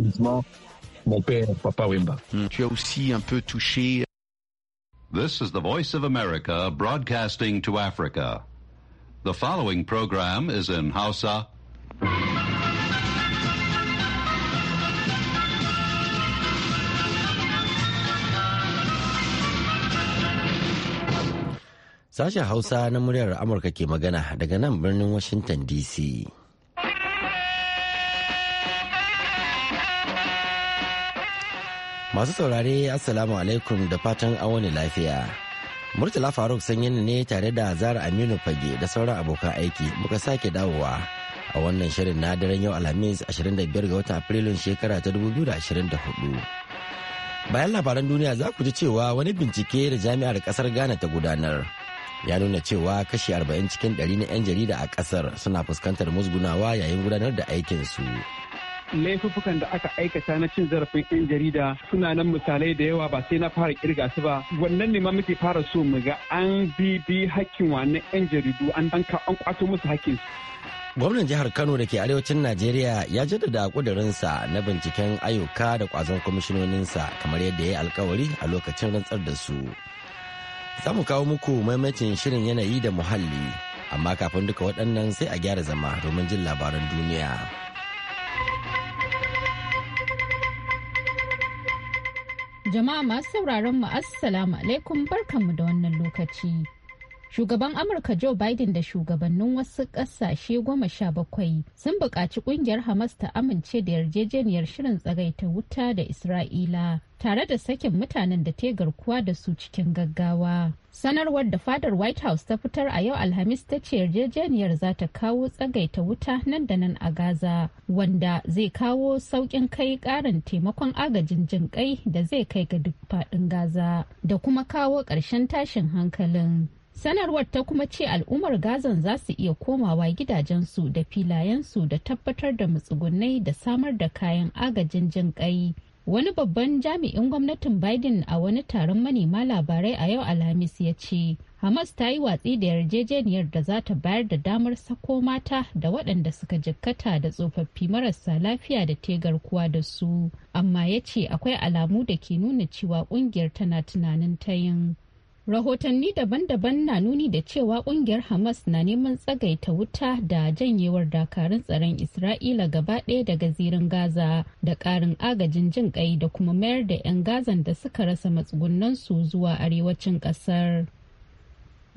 Typiquement, mon père, Papa Wemba. Hmm. Tu as aussi un peu touché. Euh, this is the Voice of America broadcasting to Africa. The following program is in Hausa. Sashen Hausa na muryar Amurka ke magana daga nan birnin Washington DC. Masu saurare Assalamu alaikum da fatan an wani lafiya. Murtala Faruk sanyin ne tare da Zara Aminu Fage da sauran abokan aiki muka sake dawowa a wannan shirin na daren yau Alhamis 25 ga watan Afrilun shekara ta 2024. Bayan labaran duniya za ku ji cewa wani bincike da jami'ar kasar Ghana ta gudanar ya nuna cewa kashi 40 cikin 100 na 'yan jarida a kasar suna fuskantar musgunawa yayin gudanar da aikinsu. su. laifukan da aka aikata na cin zarafin 'yan jarida suna nan misalai da yawa ba sai na fara kirga su ba wannan ne ma muke fara so mu ga an bibi hakkin wani 'yan jaridu an an kwato musu hakkin su gwamnan jihar kano da ke arewacin najeriya ya jaddada kudurinsa na binciken ayyuka da kwazon kwamishinoninsa kamar yadda ya yi alkawari a lokacin rantsar da su za mu kawo muku maimacin shirin yanayi da muhalli amma kafin duka waɗannan sai a gyara zama domin jin labaran duniya. Jama'a masu sauraron mu assalamu alaikum barkanmu da wannan lokaci. shugaban amurka joe biden da shugabannin wasu ƙasashe goma sha bakwai sun buƙaci ƙungiyar hamas ta amince da yarjejeniyar shirin tsagaita wuta da isra'ila tare da sakin mutanen da ta garkuwa da su cikin gaggawa sanarwar da fadar white house ta fitar a yau alhamis ta ce yarjejeniyar za ta kawo tsagaita wuta nan da nan a gaza wanda zai kawo sauƙin kai ƙarin taimakon agajin jin kai da zai kai ga duk faɗin gaza da kuma kawo ƙarshen tashin hankalin sanarwar ta kuma ce al'ummar gazan za su iya komawa gidajensu da filayensu da tabbatar da matsugunai da samar da kayan agajin jin kai wani babban jami'in gwamnatin biden a wani taron manema labarai a yau alhamis ya ce hamas ta yi watsi da yarjejeniyar da za ta bayar da damar sako mata da waɗanda suka jikkata da tsofaffi marasa lafiya da tegar kuwa da su amma ya ce akwai alamu da ke nuna cewa ƙungiyar tana tunanin ta yin rahotanni daban-daban na nuni da cewa kungiyar hamas na neman tsagaita wuta da janyewar dakarun tsaron isra'ila gaba ɗaya daga zirin gaza da ƙarin agajin jin ƙai da kuma mayar da 'yan gazan da suka rasa matsugunansu zuwa arewacin ƙasar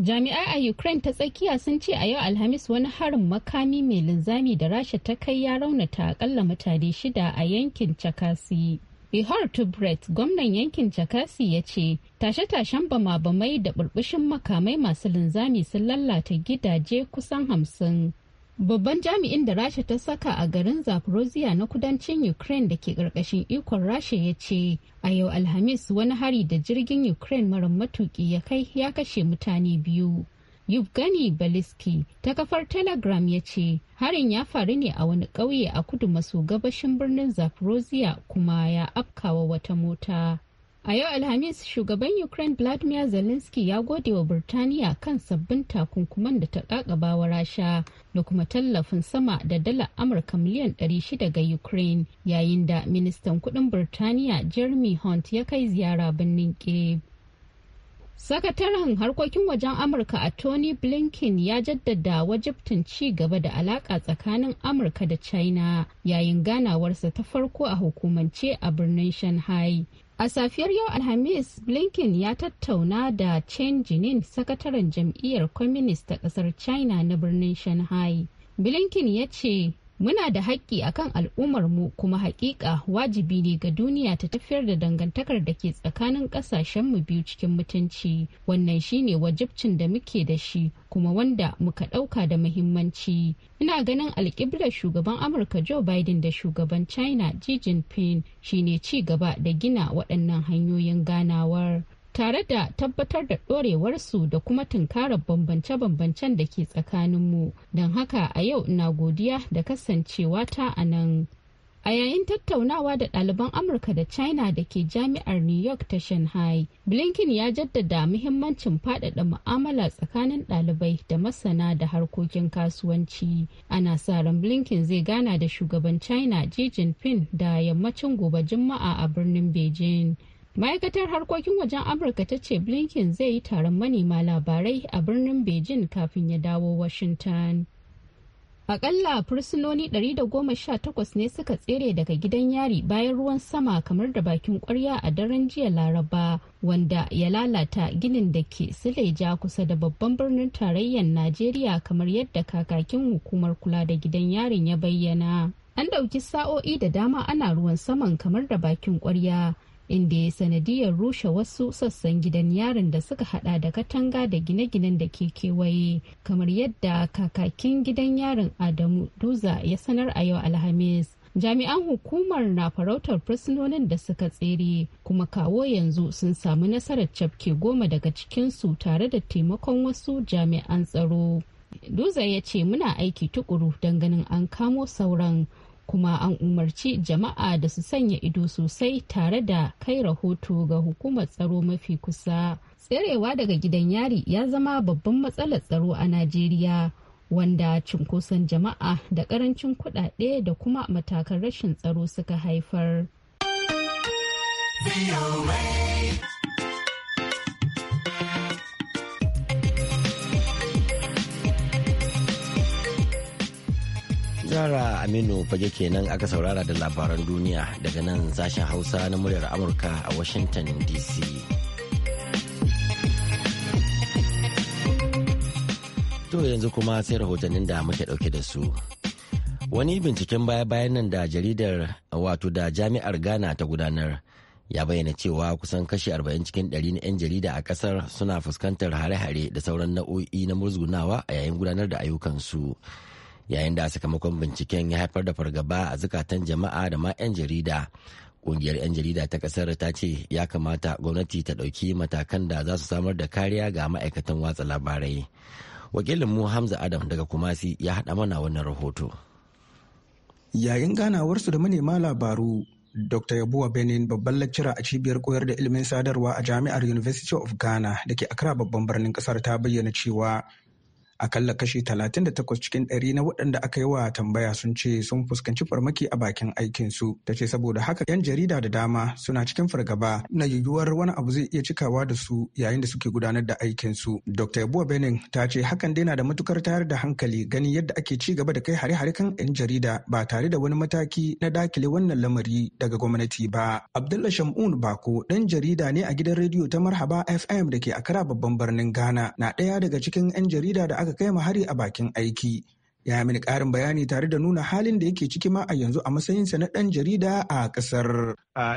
jami'ai a ukraine ta tsakiya sun ce a yau alhamis wani harin makami mai linzami da rasha ta kai ya raunata akalla mutane shida a yankin chakasi Ihor Tubret gwamnan yankin Jakasi ya ce tashe-tashen bama-bamai da burbushin makamai masu linzami sun lalata gidaje kusan hamsin. Babban jami'in da Rasha ta saka a garin Zaporozhye na kudancin Ukraine da ke ƙarƙashin ikon Rasha ya ce, a yau Alhamis wani hari da jirgin Ukraine mara matuƙi ya kai ya kashe mutane biyu. Yevgeny Baliski ta kafar Telegram ya ce harin ya faru ne a wani ƙauye a kudu maso gabashin birnin Zaporozhye kuma ya afkawa wata mota. A yau Alhamis shugaban Ukraine Vladimir Zelensky ya gode wa Birtaniya kan sabbin takunkuman da ta kakaba wa Rasha da kuma tallafin sama da dala Amurka miliyan 600 ga Ukraine yayin da ministan kudin Birtaniya Jeremy Hunt ya kai ziyara birnin Kyiv. Sakataren harkokin wajen Amurka a Tony Blinken ya jaddada wajibtin ci gaba da alaƙa tsakanin Amurka da China yayin ganawarsa ta farko a hukumance a birnin Shanghai. A safiyar yau Alhamis, Blinken ya tattauna da Chen Jinin, sakataren jam'iyyar Kwaminis ta ƙasar China na birnin Shanghai. Blinken ya ce muna da haƙƙi akan al'ummar mu kuma haƙiƙa wajibi ne ga duniya ta tafiyar da dangantakar da ke tsakanin ƙasashenmu biyu cikin mutunci wannan shine wajibcin da muke da shi kuma wanda muka ɗauka da muhimmanci ina ganin alƙiblar shugaban amurka joe biden da shugaban china xi jinping shine ci gaba da gina waɗannan hanyoyin ganawar tare da tabbatar da ɗorewarsu da kuma tunkarar bambance-bambancen da ke tsakaninmu don haka a yau na godiya da kasancewa ta a nan a yayin tattaunawa da ɗaliban amurka da china da ke jami'ar new york ta shanghai blinken ya jaddada muhimmancin faɗaɗa mu'amala tsakanin ɗalibai da masana da harkokin kasuwanci ana sa ran blinken zai gana da shugaban china xi jinping da yammacin gobe juma'a a birnin beijing ma'aikatar harkokin wajen amurka ta ce blinken zai yi taron manema labarai a birnin beijing kafin ya dawo washington Akalla fursunoni 118 ne suka tsere daga gidan yari bayan ruwan sama kamar da bakin kwarya a daren jiya Laraba wanda ya lalata ginin da ke Sileja kusa da babban birnin tarayyar Najeriya kamar yadda kakakin hukumar kula da gidan yarin ya bayyana. An ɗauki sa'o'i da dama ana ruwan saman kamar da bakin kwarya inda ya sanadiyar rushe wasu sassan gidan yarin da suka hada da katanga da gine-ginen da ke kewaye kamar yadda kakakin gidan yarin adamu duza ya sanar a yau alhamis jami'an hukumar na farautar fursunonin da suka tsere kuma kawo yanzu sun samu nasarar cafke goma daga cikinsu tare da taimakon wasu jami'an tsaro duza ya ce muna aiki tukuru don ganin an kamo sauran kuma an umarci jama'a da su sanya ido sosai tare da kai rahoto ga hukumar tsaro mafi kusa tserewa daga gidan yari ya zama babban matsalar tsaro a najeriya wanda cunkoson jama'a da karancin kudade da kuma matakan rashin tsaro suka haifar. tara Aminu fage kenan aka saurara da labaran duniya daga nan sashen Hausa na muryar Amurka a Washington DC. To yanzu kuma sai rahotannin da muke dauke da su. Wani binciken baya-bayan nan da jaridar wato da jami'ar Ghana ta gudanar ya bayyana cewa kusan kashi 40 cikin 100 na 'yan jarida a kasar suna fuskantar hare-hare da sauran nau'o'i na murzunawa a yayin gudanar da ayyukansu. yayin da a sakamakon binciken ya haifar da fargaba a zukatan jama'a da ma 'yan jarida kungiyar 'yan jarida ta kasar ta ce ya kamata gwamnati ta ɗauki matakan da za su samar da kariya ga ma'aikatan watsa labarai wakilin mu hamza adam daga kumasi ya haɗa mana wannan rahoto yayin ganawarsu da manema labaru Dr. Yabuwa Benin babban lecturer a cibiyar koyar da ilimin sadarwa a Jami'ar University of Ghana da ke Accra babban birnin kasar ta bayyana cewa Akalla kashi 38 cikin ɗari na waɗanda aka yi wa tambaya sun ce sun fuskanci farmaki a bakin aikinsu. Ta ce saboda haka 'yan jarida da dama suna cikin fargaba na yiwuwar wani abu zai iya cikawa da su yayin da suke gudanar da aikinsu. Dr. Yabuwa Benin ta ce hakan dai na da matukar tayar da hankali ganin yadda ake ci gaba da kai hare-hare kan 'yan jarida ba tare da wani mataki na dakile wannan lamari daga gwamnati ba. Abdullah Shamun Bako ɗan jarida ne a gidan rediyo ta Marhaba FM da ke akara babban birnin Ghana na ɗaya daga cikin 'yan jarida da aka kai ma hari a bakin aiki ya mini karin bayani tare da nuna halin da yake ciki ma a yanzu a matsayinsa na dan jarida a kasar.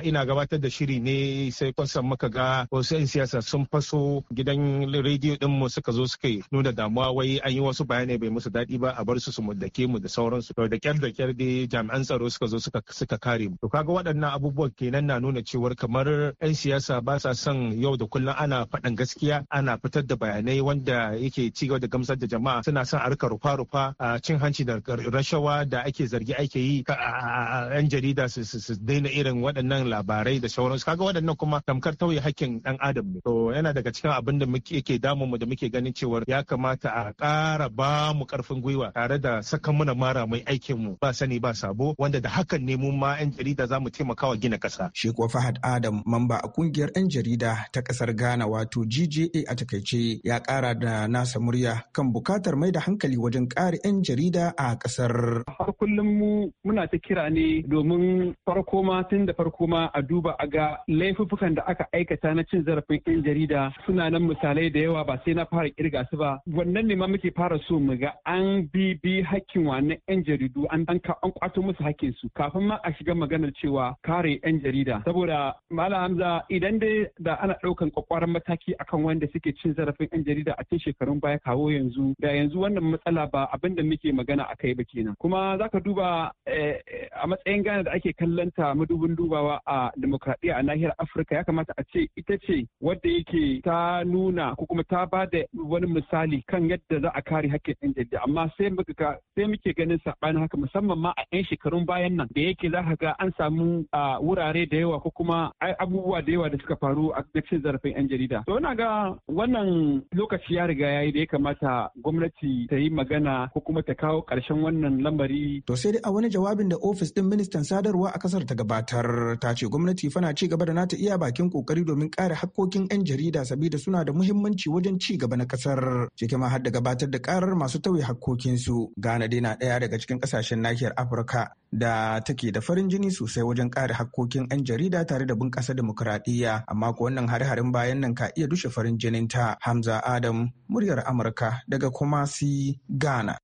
ina gabatar da shiri ne sai kwasan muka ga wasu 'yan siyasa sun faso gidan rediyo dinmu suka zo suka nuna damuwa wai an yi wasu bayanai bai musu daɗi ba a bar su su muddake mu da sauransu to da kyar da kyar dai jami'an tsaro suka zo suka suka kare mu to kaga waɗannan abubuwan kenan na nuna cewar kamar 'yan siyasa ba sa son yau da kullum ana faɗan gaskiya ana fitar da bayanai wanda yake cigaba da gamsar da jama'a suna son a rika rufa-rufa cin hanci da rashawa da ake zargi ake yi a 'yan jarida su daina irin waɗannan labarai da sauransu kaga waɗannan kuma tamkar tauye hakkin ɗan adam ne to yana daga cikin abin da yake damun mu da muke ganin cewar ya kamata a ƙara ba mu ƙarfin gwiwa tare da saka muna mara mai aikin mu ba sani ba sabo wanda da hakan ne mu ma 'yan jarida za mu taimakawa gina ƙasa. Sheku Fahad Adam mamba a kungiyar 'yan jarida ta ƙasar Ghana wato GJA a takaice ya ƙara da nasa murya kan bukatar mai da hankali wajen ƙari 'yan jarida a kasar. Har kullum mu muna ta kira ne domin farko ma tun da farko ma a duba a ga laifuffukan da aka aikata na cin zarafin 'yan jarida suna nan misalai da yawa ba sai na fara kirga su ba. Wannan ne ma muke fara so mu ga an bibi hakkin wannan 'yan jaridu an an kwato musu hakkin su kafin ma a shiga maganar cewa kare 'yan jarida. Saboda Malam Hamza idan dai da ana ɗaukan kwakwaran mataki akan wanda suke cin zarafin 'yan jarida a cikin shekarun baya kawo yanzu da yanzu wannan matsala ba abinda da muke magana a kai ba kenan kuma za ka duba eh, eh, a matsayin gane da ake kallanta madubin dubawa a demokradiyya a nahiyar Afirka ya kamata a ce ita ce wadda yake ta nuna ko kuma ta ba da wani misali kan yadda za a kare hakkin ɗan jarida amma sai muka sai muke ganin saɓanin haka musamman ma a 'yan shekarun bayan nan da yake za ka ga an samu wurare da yawa ko kuma abubuwa da yawa da suka faru a cikin zarafin 'yan jarida. To na ga wannan lokaci ya riga ya yi da ya kamata gwamnati ta yi magana ko kuma ta kawo ƙarshen wannan lamari. To sai dai a wani jawabin da ofis ɗin ministan sadarwa a kasar ta gabatar ta ce gwamnati fana ci gaba da nata iya bakin kokari domin kare hakkokin 'yan jarida sabida suna da muhimmanci wajen ci gaba na kasar ciki ma har da gabatar da karar masu tauye haƙƙoƙinsu. Ghana dai na ɗaya daga cikin ƙasashen nahiyar Afirka da take da farin jini sosai wajen kare hakkokin 'yan jarida tare da bunƙasa demokuraɗiyya amma ko wannan hare-haren bayan nan ka iya dushe farin jinin ta Hamza Adam muryar Amurka daga kuma si Ghana.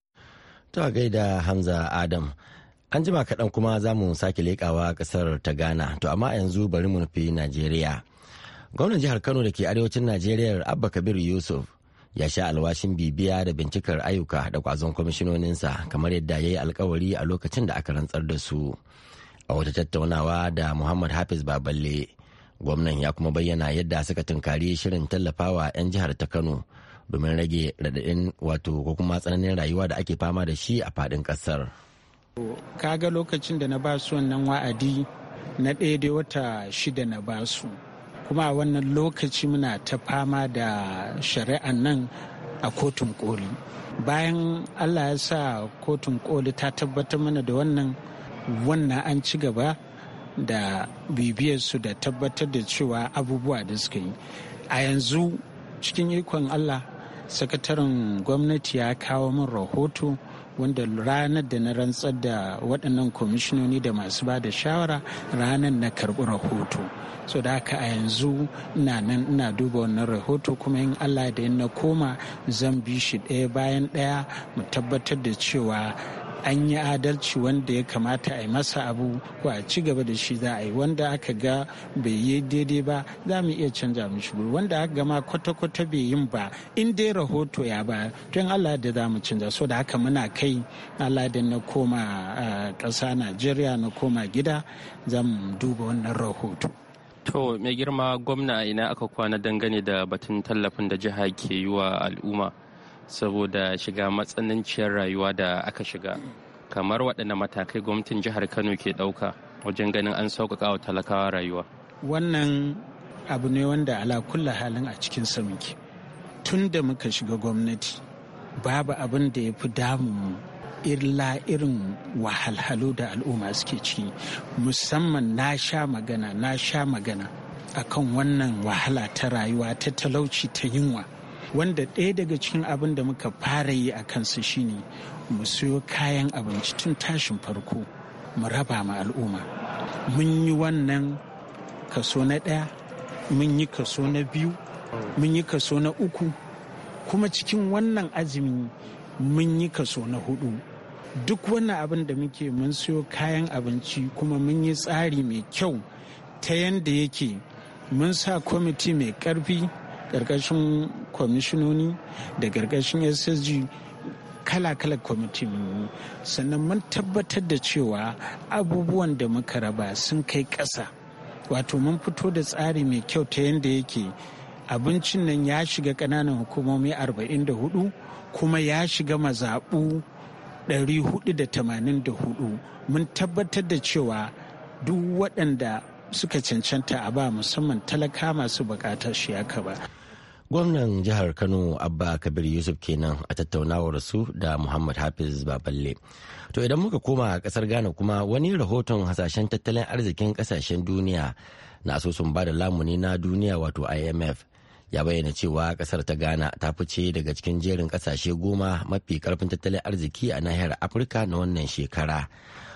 To gaida Hamza Adam. An jima kaɗan kuma za mu sake leƙawa ƙasar ta Ghana, to amma yanzu bari mu nufi Najeriya. Gwamnan jihar Kano da ke arewacin Najeriya Abba Kabir Yusuf ya sha alwashin bibiya da bincikar ayyuka da kwazon kwamishinoninsa kamar yadda ya yi alkawari a lokacin da aka rantsar da su. A wata tattaunawa da Muhammad Hafiz Baballe, gwamnan ya kuma bayyana yadda suka tunkari shirin tallafawa 'yan jihar ta Kano. domin rage raɗaɗin wato ko kuma tsananin rayuwa da ake fama da shi a faɗin ƙasar. kaga lokacin da na ba su wannan wa'adi na ɗaya da wata shida na ba su kuma a wannan lokaci muna ta fama da shari'an nan a kotun koli bayan allah ya sa kotun koli ta tabbatar mana da wannan wannan an ci gaba da bibiyarsu da tabbatar da cewa abubuwa da suka yi a yanzu cikin ikon allah sakataren gwamnati ya kawo min rahoto wanda ranar da na rantsar da waɗannan kwamishinoni da masu ba da shawara ranar na karɓi rahoto so da haka a yanzu ina nan ina duba wannan rahoto kuma in allah da na koma zan bi shi ɗaya bayan ɗaya mu tabbatar da cewa an yi adalci wanda ya kamata a yi masa abu ko a ci gaba da shi za a yi wanda aka ga bai yi daidai ba za mu iya canja mishi guri wanda aka gama kwata-kwata bai yin ba in dai rahoto ya ba tun allah da za mu canja so da haka muna kai allah da na koma ƙasa najeriya na koma gida za mu duba wannan rahoto To mai girma gwamna ina aka kwana dangane da batun tallafin da jiha ke yi wa al'umma. saboda shiga matsananciyar rayuwa da aka shiga kamar waɗanda matakai gwamnatin jihar kano ke ɗauka wajen ganin an sauƙaƙa wa talakawa rayuwa wannan abu ne wanda ala kulla halin a cikin samunki tun da muka shiga gwamnati babu abin da ya fi damun illa irin wahalhalu da al'umma suke ciki musamman na sha magana na sha magana akan wannan wahala ta rayuwa ta talauci ta yunwa wanda ɗaya daga cikin abin da muka fara yi a kansu shine mu siyo kayan abinci tun tashin farko mu raba ma al'umma mun yi wannan kaso na ɗaya mun yi kaso na biyu mun yi kaso na uku kuma cikin wannan azumi mun yi kaso na hudu duk wannan abin da muke mun siyo kayan abinci kuma mun yi tsari mai kyau ta yanda yake mun sa kwamiti mai karfi Gargashin kwamishinoni da gargashin ssg kala-kala kwamiti sannan mun tabbatar da cewa abubuwan da muka raba sun kai ƙasa wato mun fito da tsari mai kyau ta yadda yake abincin nan ya shiga ƙananan hukumomi 44 kuma ya shiga mazaɓu 484 mun tabbatar da cewa duk waɗanda suka cancanta a ba musamman talaka masu bukatar shi haka ba. gwamnan jihar kano abba kabir yusuf kenan a tattaunawar su da muhammad hafiz baballe to idan muka koma a kasar ghana kuma wani rahoton hasashen tattalin arzikin kasashen duniya na asusun ba da lamuni na duniya wato imf ya bayyana cewa kasar ta ghana ta fice daga cikin jerin kasashe goma mafi karfin tattalin arziki a nahiyar afirka na wannan shekara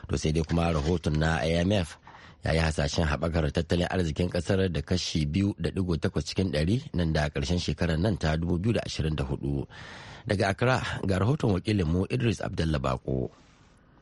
to sai dai kuma rahoton na imf ya yi hasashen haɓakar tattalin arzikin ƙasar da kashi 2.8 cikin 100 nan da ƙarshen shekarar nan ta 2024 daga accra ga rahoton wakilinmu idris abdullabako bako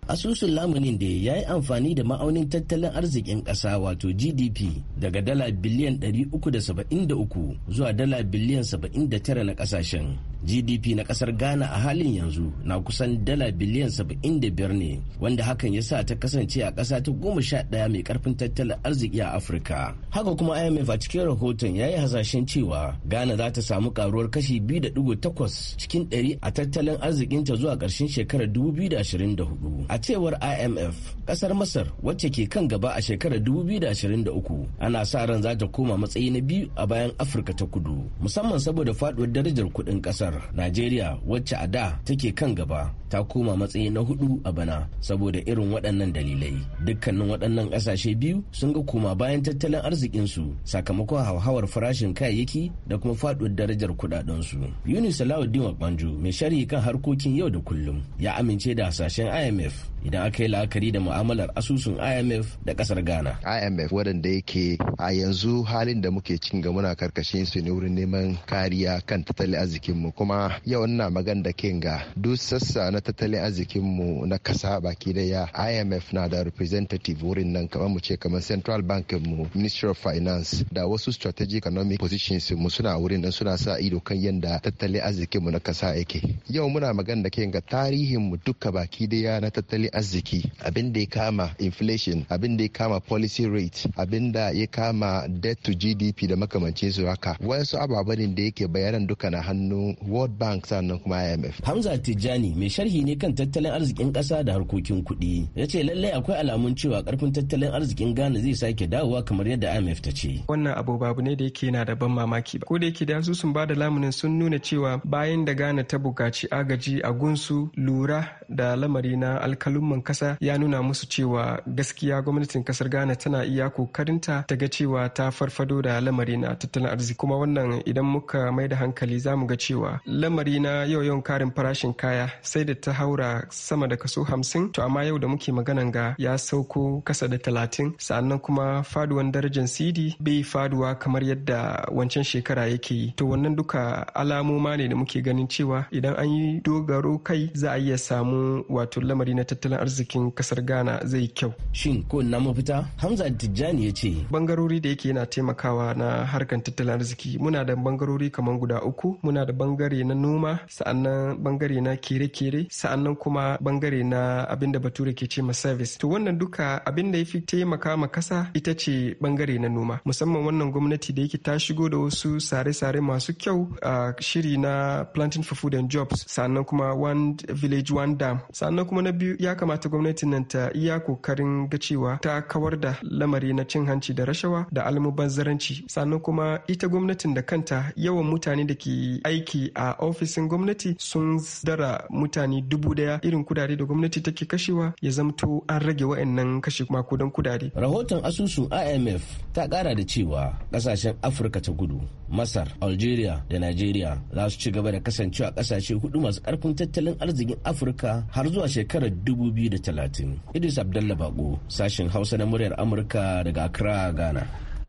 asusun lamunin da ya yi amfani da ma'aunin tattalin arzikin ƙasa wato gdp daga dala biliyan 373 zuwa dala biliyan 79 na ƙasashen gdp na ƙasar ghana a halin yanzu na kusan dala biliyan 75 ne wanda hakan ya sa ta kasance a ƙasa ta goma sha ɗaya mai ƙarfin tattalin arziki a afirka haka kuma imf a cikin rahoton ya yi hasashen cewa ghana za ta samu karuwar kashi 2.8 cikin 100 a tattalin arzikinta zuwa ƙarshen shekarar 2024 A cewar IMF, kasar Masar wacce ke kan gaba a shekarar 2023 ana sa ran za ta koma matsayi na biyu a bayan Afirka ta kudu, musamman saboda faduwar darajar kudin kasar. Najeriya wacce a da take kan gaba ta koma matsayi na hudu a bana saboda irin waɗannan dalilai. Dukkanin waɗannan ƙasashe biyu sun ga koma bayan tattalin arzikinsu sakamakon hauhawar farashin kayayyaki da kuma faduwar darajar kudadensu Yunus Salahuddin Wakwanju mai sharhi kan harkokin yau da kullum ya amince da hasashen IMF idan aka yi la'akari da mu'amalar asusun imf da kasar ghana imf waɗanda yake a yanzu halin da muke cikin ga muna karkashin su ne wurin neman kariya kan tattalin arzikinmu kuma yau na magan da kin ga duk sassa na tattalin arzikinmu na kasa baki daya imf na da representative wurin nan kamar mu ce kamar central bank mu ministry of finance da wasu strategic economic positions mu suna wurin nan suna sa ido kan yadda tattalin arzikinmu na kasa yake yau muna magan da kin ga tarihin mu duka baki daya na tattalin tattalin arziki abin da ya kama inflation abin da ya kama policy rate abin da ya kama debt to gdp da makamancin su haka wasu ababen da yake bayanan duka na hannu world bank sannan kuma imf hamza tijjani mai sharhi ne kan tattalin arzikin kasa da harkokin kuɗi ya ce lallai akwai alamun cewa karfin tattalin arzikin ghana zai sake dawowa kamar yadda imf ta ce wannan abu babu ne da yake na da ban mamaki ba ko da yake da su sun ba da lamunin sun nuna cewa bayan da ghana ta bukaci agaji a gunsu lura da lamari na alka alkalumman kasa ya nuna musu cewa gaskiya gwamnatin kasar ghana tana iya kokarinta ta ga cewa ta farfado da lamari na tattalin arziki kuma wannan idan muka mai da hankali za mu ga cewa lamari na yau yawan karin farashin kaya sai da ta haura sama da kaso hamsin to amma yau da muke maganan ga ya sauko kasa da talatin sannan kuma faduwan darajar cd bai faduwa kamar yadda wancan shekara yake yi to wannan duka alamoma ne da muke ganin cewa idan an yi dogaro kai za a iya samu wato lamari na tattalin arzikin kasar ghana zai kyau shin ko na mafita hamza tijjani ya ce bangarori da yake yana taimakawa na harkar tattalin arziki muna da bangarori kamar guda uku muna da bangare na noma sa'annan bangare na kere-kere sa'annan kuma bangare na abin da bature ke ce ma service to wannan duka abin da ya fi taimaka ma kasa ita ce bangare na noma musamman wannan gwamnati da yake ta shigo da wasu sare-sare masu kyau a shiri na planting for food and jobs sannan kuma one village one dam sannan kuma na biyu ya kamata gwamnatin nan ta iya kokarin ga cewa ta kawar da lamari na cin hanci da rashawa da almubazzaranci sannan kuma ita gwamnatin da kanta yawan mutane da ke aiki a ofishin gwamnati sun dara mutane dubu daya irin kudade da gwamnati take kashewa ya zamto an rage wa'annan kashe makudan kudade. Rahoton asusun IMF ta kara da cewa kasashen Afirka ta gudu, Masar, Algeria da Nigeria za su ci gaba da kasancewa kasashe hudu masu karfin tattalin arzikin Afirka har zuwa shekarar 2030. Idris Abdallah Bako, sashen Hausa na muryar Amurka daga Accra, Ghana.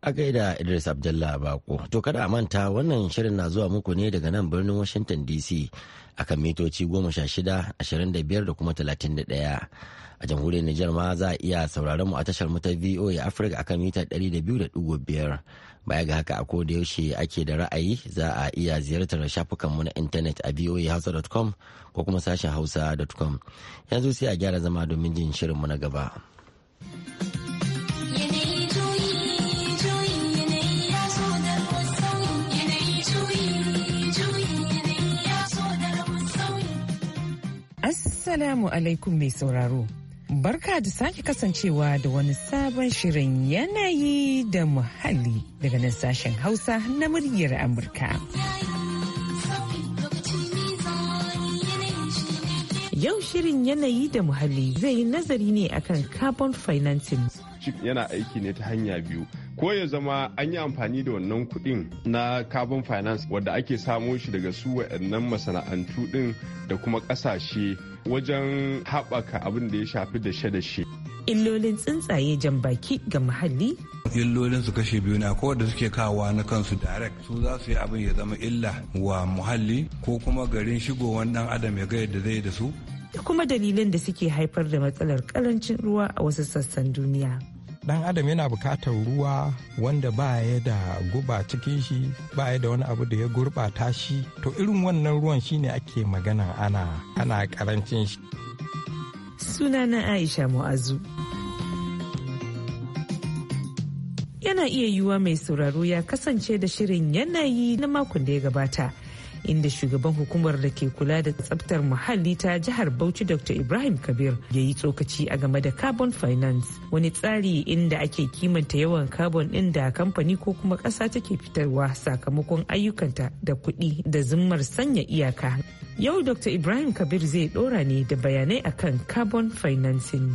a gaida Idris Abdullah Bako. To kada a manta wannan shirin na zuwa muku ne daga nan birnin Washington DC akan mitoci 16, da kuma 31. A jamhuriyar Nijar ma za a iya sauraron mu a tashar mu ta VOA Africa akan mita 200.5. Baya ga haka a ko da yaushe ake da ra'ayi za a iya ziyartar shafukan mu na intanet a voahausa.com ko kuma sashen hausa.com. Yanzu sai a gyara zama domin jin shirin mu na gaba. Assalamu alaikum mai sauraro. Barka da sake kasancewa da wani sabon shirin yanayi da muhalli daga nan sashen Hausa na muryar Amurka. Yau shirin yanayi da muhalli zai yi nazari ne akan carbon financing chip yana aiki ne ta hanya biyu ko ya zama an yi amfani da wannan kudin na carbon finance wadda ake samo shi daga su waɗannan masana'antu din da kuma kasashe wajen haɓaka abin da ya shafi da dashe-dashe. illolin tsuntsaye jan baki ga muhalli illolin su kashe biyu na ko da suke kawa na kansu direct su za su yi abin ya zama illa wa muhalli ko kuma garin shigo dan adam ya ga yadda zai da su da kuma dalilin da suke haifar da matsalar karancin ruwa a wasu sassan duniya ɗan adam yana bukatar ruwa wanda ba ya da guba cikin shi ba ya da wani abu da ya gurbata shi to irin wannan ruwan shine ake magana ana ana karancin shi sunana aisha mu'azu yana iya yiwuwa mai sauraro ya kasance da shirin yanayi na makon da ya gabata inda shugaban hukumar da ke kula da tsabtar muhalli ta jihar Bauchi Dr. Ibrahim Kabir ya yi tsokaci a game da carbon finance wani tsari inda ake kimanta yawan carbon ɗin da kamfani ko kuma ƙasa take fitarwa sakamakon ayyukanta da kuɗi da zimmar sanya iyaka. Yau Dr. Ibrahim Kabir zai ɗora ne da bayanai akan carbon financing.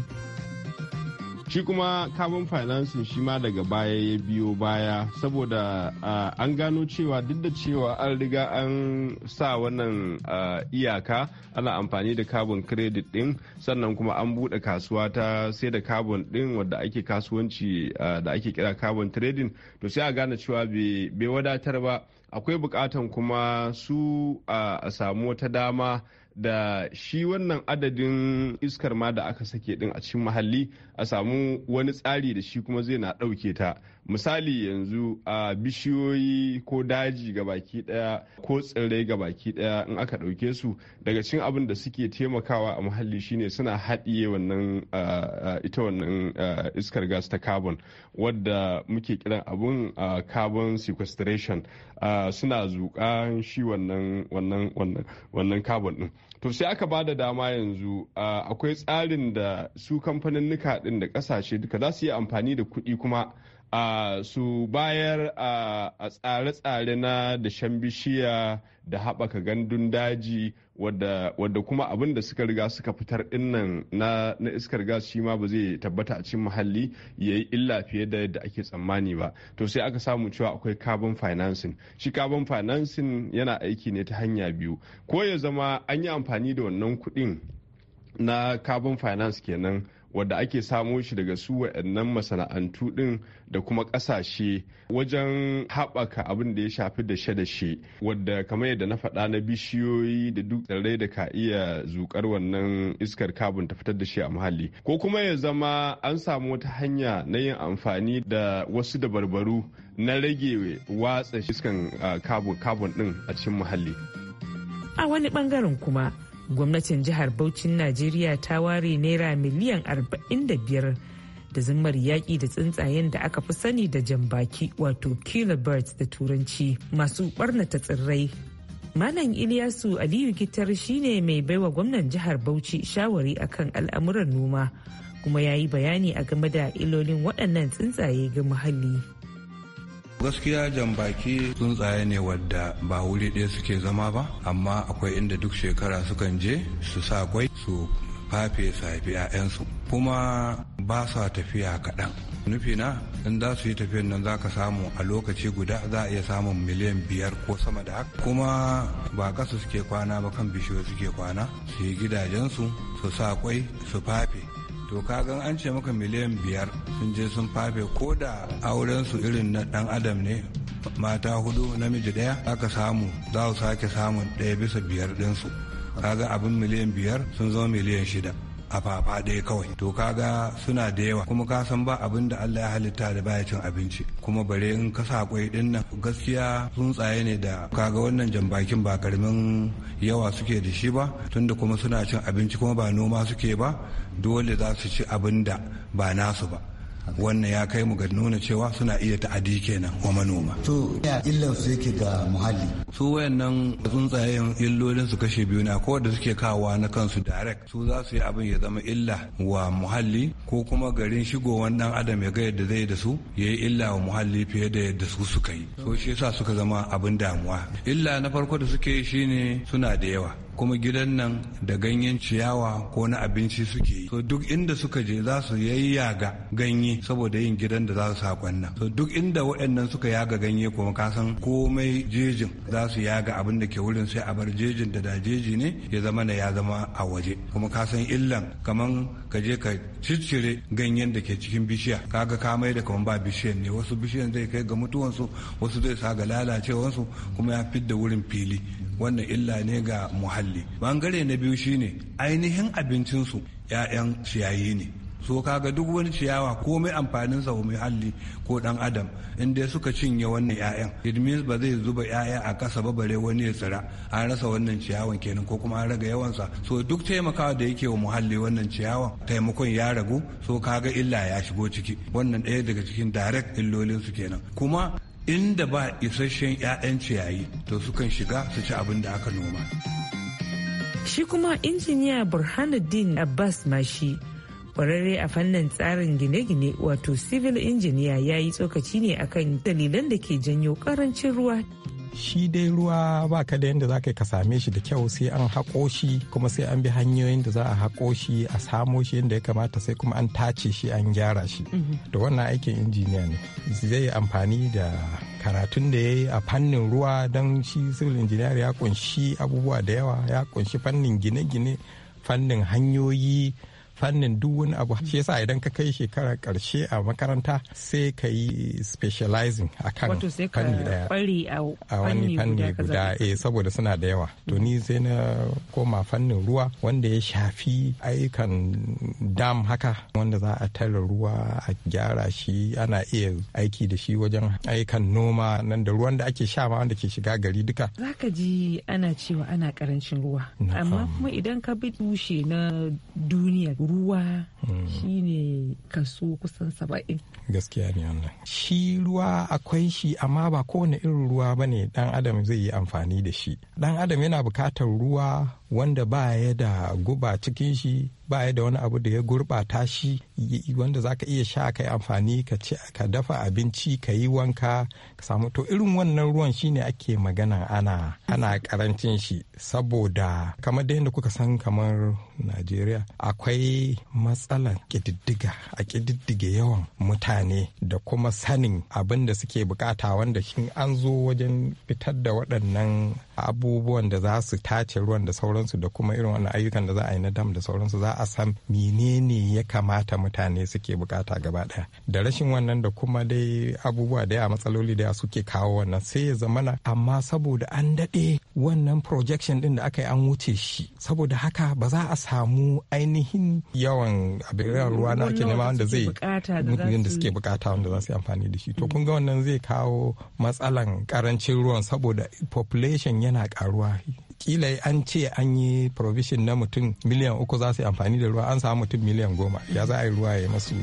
shi kuma carbon financing shi ma daga baya ya biyo baya saboda an gano cewa duk da cewa an riga an sa wannan iyaka ana amfani da carbon credit din sannan kuma an bude kasuwa ta sai da carbon din wadda ake kasuwanci da ake kira carbon trading to sai a gane cewa bai wadatar ba akwai bukatan kuma su a samu wata dama da shi wannan adadin iskar ma da aka sake din a cikin muhalli a samu wani tsari da shi kuma zai na ɗauke ta misali yanzu a bishiyoyi ko daji ga baki ɗaya ko tsirrai ga baki ɗaya in aka ɗauke su daga cin abin da suke taimakawa a muhalli shine suna haɗiye wannan ita wannan iskar gas ta carbon wadda muke kiran abun carbon sequestration suna zuƙan shi wannan carbon ɗin to sai aka ba da dama yanzu akwai tsarin da su kamfanin nika din da ƙasashe duka za su yi amfani da kuɗi kuma a su bayar a tsare-tsare na da bishiya da haɓaka gandun daji wadda, kuma abin da suka riga suka fitar dinnan na, iskar gas shi ma ba zai tabbata a cikin muhalli ya yi illa fiye da yadda ake tsammani ba to sai aka samu cewa akwai carbon financing shi carbon financing yana aiki ne ta hanya biyu ko ya zama an yi amfani da wannan kuɗin na carbon finance kenan wadda ake samo shi daga su waɗannan masana'antu ɗin da kuma ƙasashe wajen haɓaka abin da ya shafi da dashe-dashe wadda kamar yadda na faɗa na bishiyoyi da duk tsirrai da ka iya zuƙar wannan iskar kabon ta fitar da shi a muhalli ko kuma ya zama an samu wata hanya na yin amfani da wasu dabarbaru na rage watsa iskan ah, carbon ɗin a cikin muhalli a wani bangaren kuma gwamnatin jihar Bauchin Najeriya ta ware naira miliyan 45 da zimmar yaƙi da tsuntsayen da aka fi sani da jambaki wato killer da turanci masu ɓarnata tsirrai. Malam Iliyasu Aliyu Gitar shine mai baiwa gwamnan jihar Bauchi shawari akan al'amuran noma kuma ya yi bayani a game da ilolin waɗannan tsuntsaye ga muhalli. gaskiya jan jambaki tsuntsaye ne wadda ba wuri ɗaya suke zama ba amma akwai inda duk shekara sukan je su sa kwai su fafe su haifi 'ya'yansu kuma ba sa tafiya kaɗan nufina in za su yi tafiyan nan za ka samu a lokaci guda za a iya samun miliyan biyar ko sama da haka kuma ba ƙasa suke kwana ba kan bishiyoyi suke kwana su yi gidajensu su sa kwai su fafe to kagan an ce maka miliyan biyar sun je sun fafe ko da aurensu irin na dan adam ne mata hudu namiji daya aka samu za su sake samun daya bisa biyar ɗinsu kaga abin miliyan biyar sun zama miliyan shida a fafa ɗaya kawai to kaga suna da yawa kuma ka san ba abin da Allah ya halitta da baya cin abinci kuma bare in ka sa kwai ɗin nan gaskiya tsuntsaye ne da kaga wannan jan bakin ba karamin yawa suke da shi ba tunda kuma suna cin abinci kuma ba noma suke ba dole za su ci abin da ba nasu ba wannan ya kai mu ga nuna cewa suna iya ta'adi kenan wa manoma to ya illar su yake ga muhalli su wayannan tsuntsayen illolin su kashe biyu na ko da suke kawa na kansu direct su za su yi abin ya zama illa wa muhalli ko kuma garin shigowan ɗan adam ya ga yadda zai da su ya yi illa wa muhalli fiye da yadda su suka yi so shi yasa suka zama abin damuwa illa na farko da suke yi shine suna da yawa kuma gidan nan da ganyen ciyawa ko na abinci suke yi so duk inda suka je za su yayyaga ganye saboda yin gidan da za su sakon nan so duk inda waɗannan suka yaga ganye kuma ka san komai jejin za su yaga abin da ke wurin sai a bar jejin da da jeji ne ya zama na ya zama a waje kuma ka san illan kaman ka je ka ciccire ganyen da ke cikin bishiya kaga ka mai da kaman ba bishiyan ne wasu bishiyan zai kai ga mutuwansu wasu zai sa ga lalacewansu kuma ya fidda wurin fili wannan illa ne ga muhalli bangare na biyu shine ainihin abincinsu 'ya'yan ciyayi ne so kaga duk wani ciyawa ko mai amfanin sa mai ko dan adam inda suka cinye wannan 'ya'yan, it means ba zai zuba yaya a kasa ba bare wani ya tsira an rasa wannan ciyawan kenan ko kuma an raga yawan so duk taimakawa da yake wa muhalli wannan ciyawan taimakon ya ragu so kaga illa ya shigo ciki wannan ɗaya daga cikin direct illolin su kenan kuma inda ba isasshen 'ya'yan ciyayi to sukan shiga su ci abin da aka noma shi kuma injiniya burhanuddin abbas mashi kwararre a fannin tsarin gine-gine wato civil injiniya ya yi tsokaci ne akan dalilan da ke janyo karancin ruwa shi dai ruwa ba ka da yadda za ka ka same shi da kyau sai an haƙo shi kuma sai an bi hanyoyin da za a haƙo shi a samo shi yadda ya kamata sai kuma an tace shi an gyara shi da mhm. wannan aikin injiniya ne zai amfani da karatun da ya yi a fannin ruwa don shi civil engineer ya kunshi abubuwa da yawa ya kunshi fannin gine-gine fannin hanyoyi fannin duk wani abu shi yasa idan ka kai shekara karshe a makaranta sai ka yi specializing a kan fanni daya a wani fanni guda eh saboda suna da yawa to ni sai na koma fannin ruwa wanda ya shafi ayyukan dam haka wanda za a tara ruwa a gyara shi ana iya aiki da shi wajen ayyukan noma nan da ruwan da ake sha ma wanda ke shiga gari duka zaka ji ana cewa ana karancin ruwa amma kuma idan ka bi tushe na duniya ruwa hmm. shine kaso kusan saba'in gaskiya ne wannan shi ruwa akwai shi amma ba kowane irin ruwa ba ne. dan adam zai yi amfani da shi dan adam yana bukatar ruwa wanda ba ya da guba cikin shi ba ya da wani abu da ya gurɓata shi wanda za ka iya sha ka yi amfani ka dafa abinci ka yi wanka ka samu to irin wannan ruwan shine ake magana ana ana karancin shi saboda kamar da yadda kuka san kamar najeriya akwai matsalar ƙididdiga a ƙididdige yawan mutane da kuma sanin abin da suke bukata wanda shin an zo wajen fitar da waɗannan abubuwan da za su tace ruwan da sauran sauransu da kuma irin wannan ayyukan da za a yi na dam da sauransu za a san menene ya kamata mutane suke bukata gaba daya da rashin wannan da kuma dai abubuwa da ya matsaloli da ya suke kawo wannan sai ya zamana amma saboda an daɗe wannan projection din da aka yi an wuce shi saboda haka ba za a samu ainihin yawan abin ruwa na ake nema wanda zai da suke bukata wanda za su yi amfani da shi to mm. kun ga wannan zai kawo matsalan karancin ruwan saboda population yana karuwa kila an ce an yi provision na mutum miliyan uku za su yi amfani da ruwa an samu mutum miliyan goma ya za a yi ruwa ya masu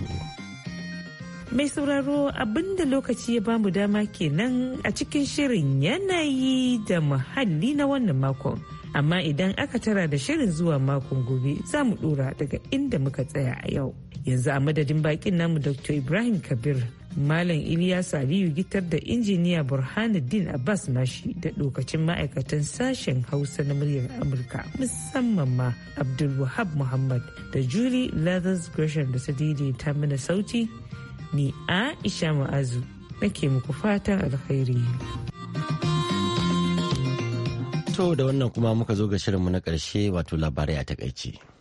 mai sauraro abinda lokaci ya bamu dama kenan a cikin shirin yanayi da muhalli na wannan makon amma idan aka tara da shirin zuwa makon gobe za mu dora daga inda muka tsaya a yau yanzu a madadin bakin namu dr ibrahim kabir Malam Iliya Aliyu gitar da injiniya Burhanuddin Abbas Mashi da lokacin ma'aikatan sashen Hausa na muryar Amurka musamman ma Abdulwahab Muhammad da Julie Leathers Gresham da su ta mana sauti ni Aisha Ma'azu nake muku fatan alkhairi. To da wannan kuma muka zo ga shirinmu na ƙarshe wato labarai a takaici.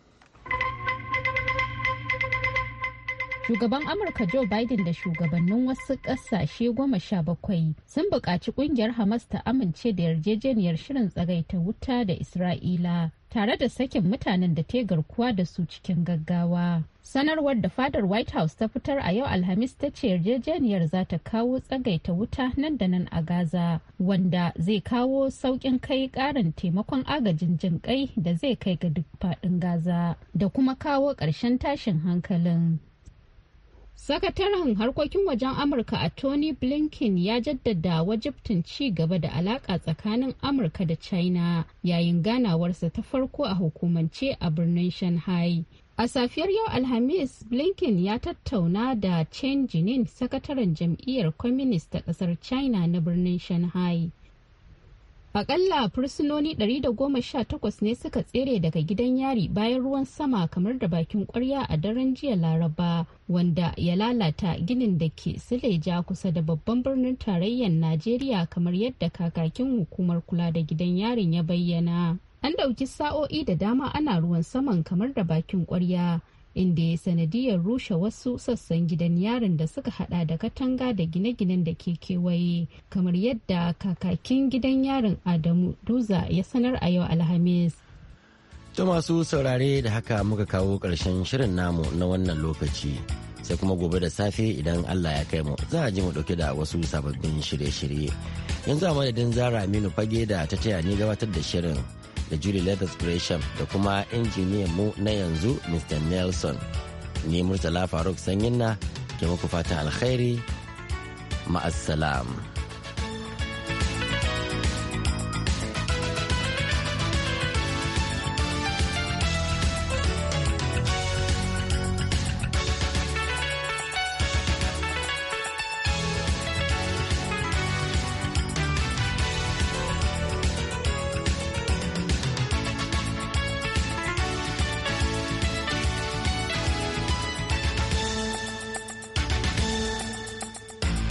shugaban amurka joe biden da shugabannin wasu ƙasashe goma sha bakwai sun buƙaci ƙungiyar hamas ta amince da yarjejeniyar shirin tsagaita wuta da isra'ila tare da sakin mutanen da ta garkuwa da su cikin gaggawa. Sanarwar da fadar White House ta fitar a yau Alhamis ta ce yarjejeniyar za ta kawo tsagaita wuta nan da nan a Gaza, wanda zai kawo sauƙin kai ƙarin taimakon agajin jin kai da zai kai ga duk faɗin Gaza, da kuma kawo ƙarshen tashin hankalin. Sakataren harkokin wajen Amurka a Tony Blinken ya jaddada wajibtin ci gaba da alaƙa tsakanin Amurka da China yayin ganawarsa ta farko a hukumance a birnin Shanghai. A safiyar yau Alhamis, Blinken ya tattauna da Chen Jinin, sakataren jam'iyyar Kwaminis ta ƙasar China na birnin Shanghai. Akalla fursunoni 118 ne suka tsere daga gidan yari bayan ruwan sama kamar da bakin kwarya a daren jiya Laraba wanda ya lalata ginin da ke Sileja kusa da babban birnin tarayyar Najeriya kamar yadda kakakin hukumar kula da gidan yarin ya bayyana. An ɗauki sa'o'i da dama ana ruwan saman kamar da bakin kwarya. inda ya sanadiyar rushe wasu sassan gidan yarin da suka hada da katanga da gine-ginen da ke kewaye kamar yadda kakakin gidan yarin adamu duza ya sanar a yau alhamis ta masu saurare da haka muka kawo ƙarshen shirin namu na wannan lokaci sai kuma gobe da safe idan allah ya kai mu za a ji mu dauke da wasu sababbin shirye-shirye yanzu a madadin zara aminu fage da ta taya ni gabatar da shirin da Julie Leathers Gresham da kuma injiniyan mu na yanzu Mr. Nelson. Ni Murtala Faruk Sanyin na ke muku fatan alkhairi ma'asalam.